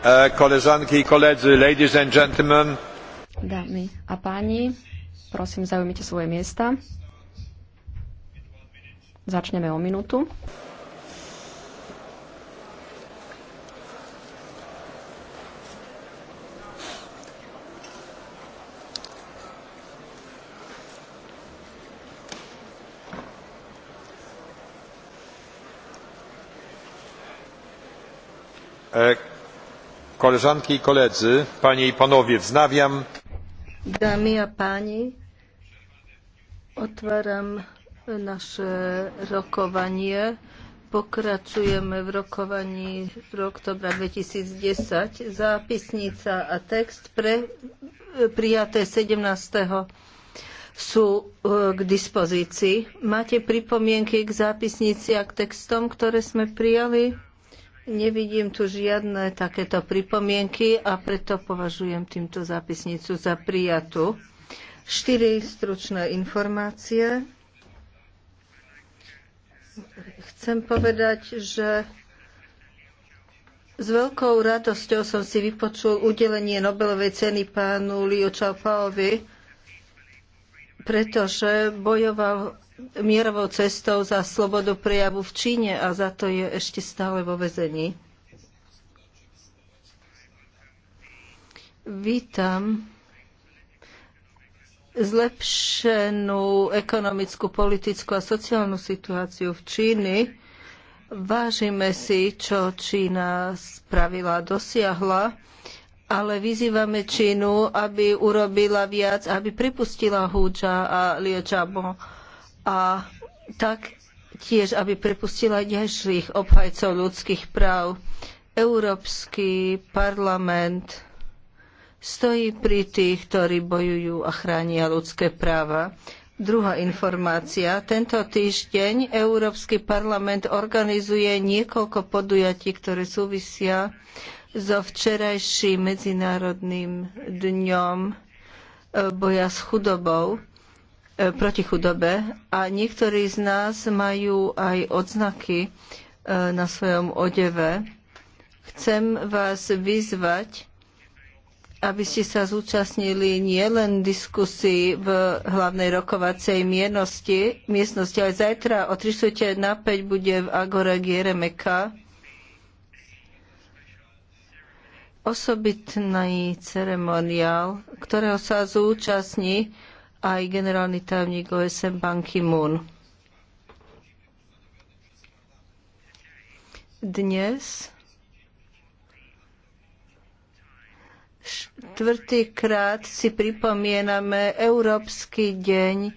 Eh, Dámy a páni, prosím, zaujmite svoje miesta. Začneme o minútu. Eh, koleżanki i koledzy, panie i panowie, wznawiam. Dámy a páni, otváram naše rokovanie. Pokračujeme v rokovaní z oktobra 2010. Zápisnica a text pre prijaté 17. sú k dispozícii. Máte pripomienky k zápisnici a k textom, ktoré sme prijali? Nevidím tu žiadne takéto pripomienky a preto považujem týmto zápisnicu za prijatú. Štyri stručné informácie. Chcem povedať, že s veľkou radosťou som si vypočul udelenie Nobelovej ceny pánu Liu Čaopaovi, pretože bojoval mierovou cestou za slobodu prejavu v Číne a za to je ešte stále vo vezení. Vítam zlepšenú ekonomickú, politickú a sociálnu situáciu v Číny. Vážime si, čo Čína spravila, dosiahla, ale vyzývame Čínu, aby urobila viac, aby pripustila Húča a Liečabo a tak tiež, aby prepustila ďalších obhajcov ľudských práv. Európsky parlament stojí pri tých, ktorí bojujú a chránia ľudské práva. Druhá informácia. Tento týždeň Európsky parlament organizuje niekoľko podujatí, ktoré súvisia so včerajším Medzinárodným dňom boja s chudobou. E, proti chudobe a niektorí z nás majú aj odznaky e, na svojom odeve. Chcem vás vyzvať, aby ste sa zúčastnili nielen diskusii v hlavnej rokovacej mienosti, miestnosti, ale zajtra o 300 na 5 bude v Agore Gieremeka osobitný ceremoniál, ktorého sa zúčastní aj generálny tajomník OSM Ban Ki-moon. Dnes štvrtýkrát si pripomíname Európsky deň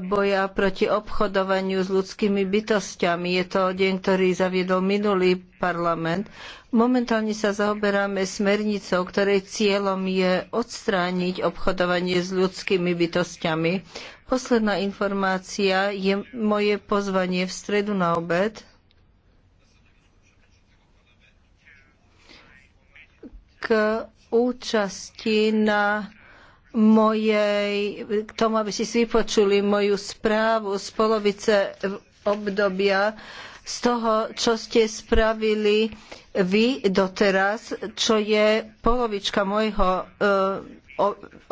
boja proti obchodovaniu s ľudskými bytosťami. Je to deň, ktorý zaviedol minulý parlament. Momentálne sa zaoberáme smernicou, ktorej cieľom je odstrániť obchodovanie s ľudskými bytosťami. Posledná informácia je moje pozvanie v stredu na obed k účasti na mojej, k tomu, aby ste si vypočuli moju správu z polovice obdobia, z toho, čo ste spravili vy doteraz, čo je polovička môjho e,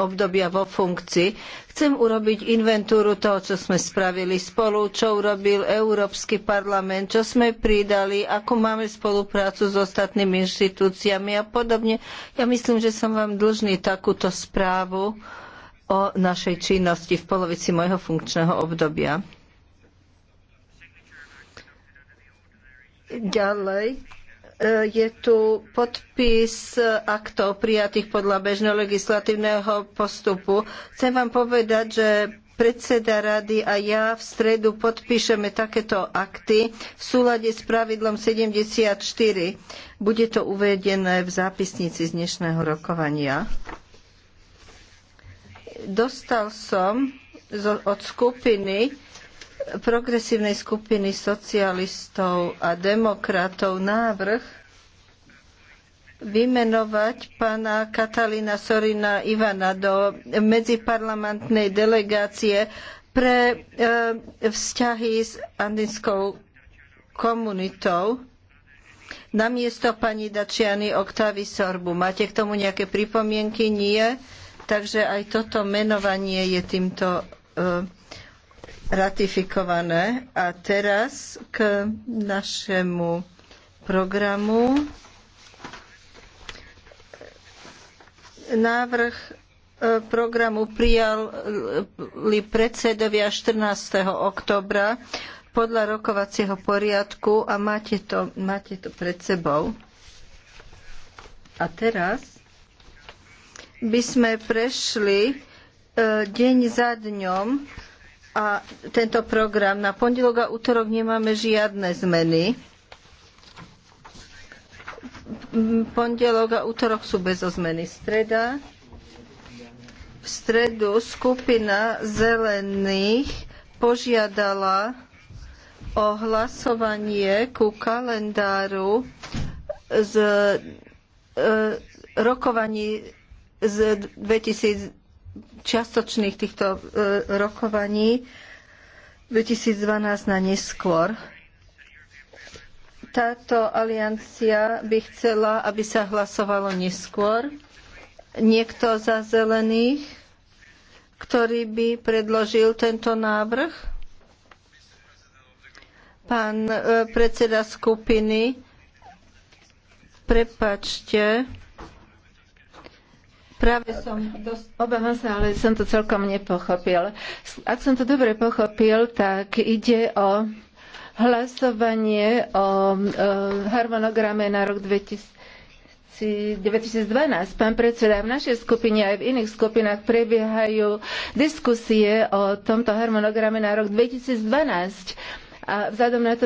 obdobia vo funkcii. Chcem urobiť inventúru toho, čo sme spravili spolu, čo urobil Európsky parlament, čo sme pridali, akú máme spoluprácu s ostatnými inštitúciami a podobne. Ja myslím, že som vám dlžný takúto správu o našej činnosti v polovici môjho funkčného obdobia. Ďalej E, je tu podpis aktov prijatých podľa bežného legislatívneho postupu. Chcem vám povedať, že predseda rady a ja v stredu podpíšeme takéto akty v súlade s pravidlom 74. Bude to uvedené v zápisnici z dnešného rokovania. Dostal som od skupiny progresívnej skupiny socialistov a demokratov návrh vymenovať pána Katalína Sorina Ivana do medziparlamentnej delegácie pre e, vzťahy s andinskou komunitou namiesto pani Dačiany Oktavy Sorbu. Máte k tomu nejaké pripomienky? Nie. Takže aj toto menovanie je týmto e, ratifikované. A teraz k našemu programu. Návrh e, programu prijali predsedovia 14. oktobra podľa rokovacieho poriadku a máte to, máte to pred sebou. A teraz by sme prešli e, deň za dňom a tento program. Na pondelok a útorok nemáme žiadne zmeny. Pondelok a útorok sú bez zmeny. Streda. V stredu skupina zelených požiadala o hlasovanie ku kalendáru z e, rokovaní z 2000 čiastočných týchto e, rokovaní 2012 na neskôr. Táto aliancia by chcela, aby sa hlasovalo neskôr. Niekto za zelených, ktorý by predložil tento návrh? Pán e, predseda skupiny, prepačte, Práve som, dosť, obávam sa, ale som to celkom nepochopil. Ak som to dobre pochopil, tak ide o hlasovanie o harmonograme na rok 2000 2012. Pán predseda, v našej skupine aj v iných skupinách prebiehajú diskusie o tomto harmonograme na rok 2012. A vzhľadom na to,